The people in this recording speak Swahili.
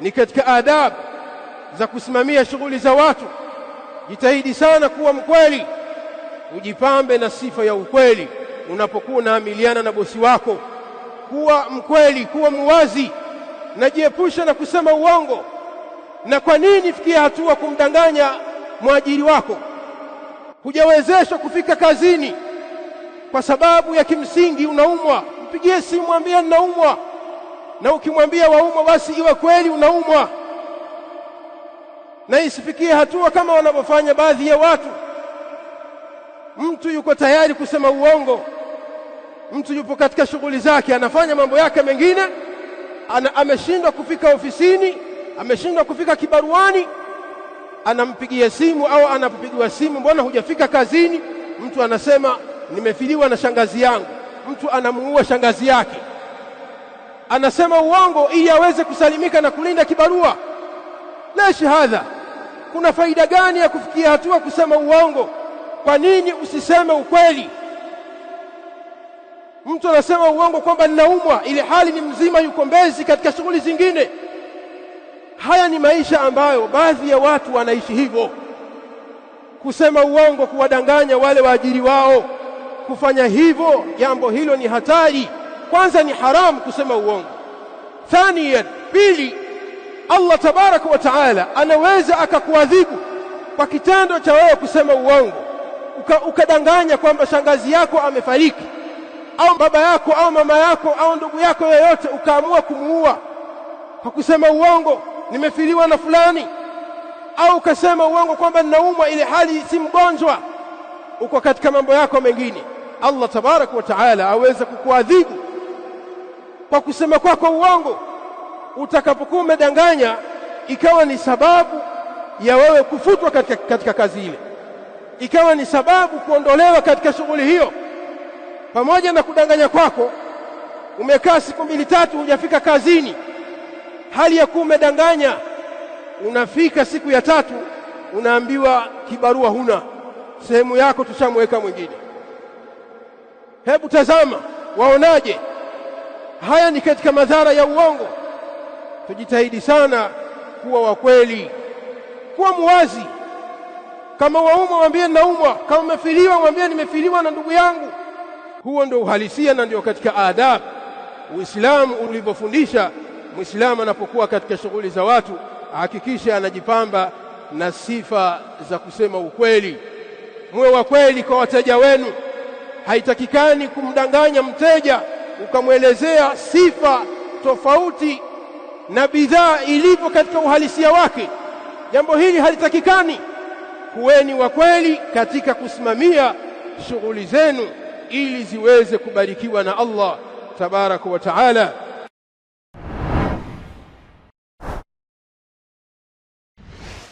ni katika adabu za kusimamia shughuli za watu. Jitahidi sana kuwa mkweli, ujipambe na sifa ya ukweli unapokuwa unaamiliana na bosi wako. Kuwa mkweli, kuwa muwazi, na jiepusha na kusema uongo. Na kwa nini fikia hatua kumdanganya mwajiri wako? Hujawezeshwa kufika kazini kwa sababu ya kimsingi unaumwa, mpigie simu, mwambie ninaumwa na ukimwambia waumwa basi iwe kweli unaumwa na isifikie hatua kama wanavyofanya baadhi ya watu mtu yuko tayari kusema uongo mtu yupo katika shughuli zake anafanya mambo yake mengine ana, ameshindwa kufika ofisini ameshindwa kufika kibaruani anampigia simu au anapopigiwa simu mbona hujafika kazini mtu anasema nimefiliwa na shangazi yangu mtu anamuua shangazi yake anasema uongo ili aweze kusalimika na kulinda kibarua. Leshi hadha, kuna faida gani ya kufikia hatua kusema uongo? Kwa nini usiseme ukweli? Mtu anasema uongo kwamba ninaumwa, ili hali ni mzima, yuko mbezi katika shughuli zingine. Haya ni maisha ambayo baadhi ya watu wanaishi hivyo, kusema uongo, kuwadanganya wale waajiri wao. Kufanya hivyo, jambo hilo ni hatari kwanza ni haramu kusema uongo. Thaniyan, pili, Allah tabaraka wa taala anaweza akakuadhibu kwa kitendo cha wewe kusema uongo, ukadanganya uka kwamba shangazi yako amefariki au baba yako au mama yako au ndugu yako yoyote, ukaamua kumuua kwa kusema uongo, nimefiliwa na fulani, au ukasema uongo kwamba ninaumwa ili hali si mgonjwa. Uko katika mambo yako mengine, Allah tabaraka wa taala aweza kukuadhibu kwa kusema kwako uongo, utakapokuwa umedanganya ikawa ni sababu ya wewe kufutwa katika, katika kazi ile, ikawa ni sababu kuondolewa katika shughuli hiyo. Pamoja na kudanganya kwako, umekaa siku mbili tatu hujafika kazini, hali ya kuwa umedanganya. Unafika siku ya tatu unaambiwa kibarua huna, sehemu yako tushamweka mwingine. Hebu tazama, waonaje? haya ni katika madhara ya uongo. Tujitahidi sana kuwa wa kweli, kuwa muwazi. Kama waumwa mwambie naumwa, kama umefiliwa mwambie nimefiliwa na ndugu yangu. Huo ndio uhalisia na ndio katika adabu Uislamu ulivyofundisha. Muislamu anapokuwa katika shughuli za watu ahakikishe anajipamba na sifa za kusema ukweli. Muwe wa kweli kwa wateja wenu, haitakikani kumdanganya mteja ukamwelezea sifa tofauti na bidhaa ilivyo katika uhalisia wake. Jambo hili halitakikani. Kuweni wa kweli katika kusimamia shughuli zenu ili ziweze kubarikiwa na Allah tabaraka wa taala.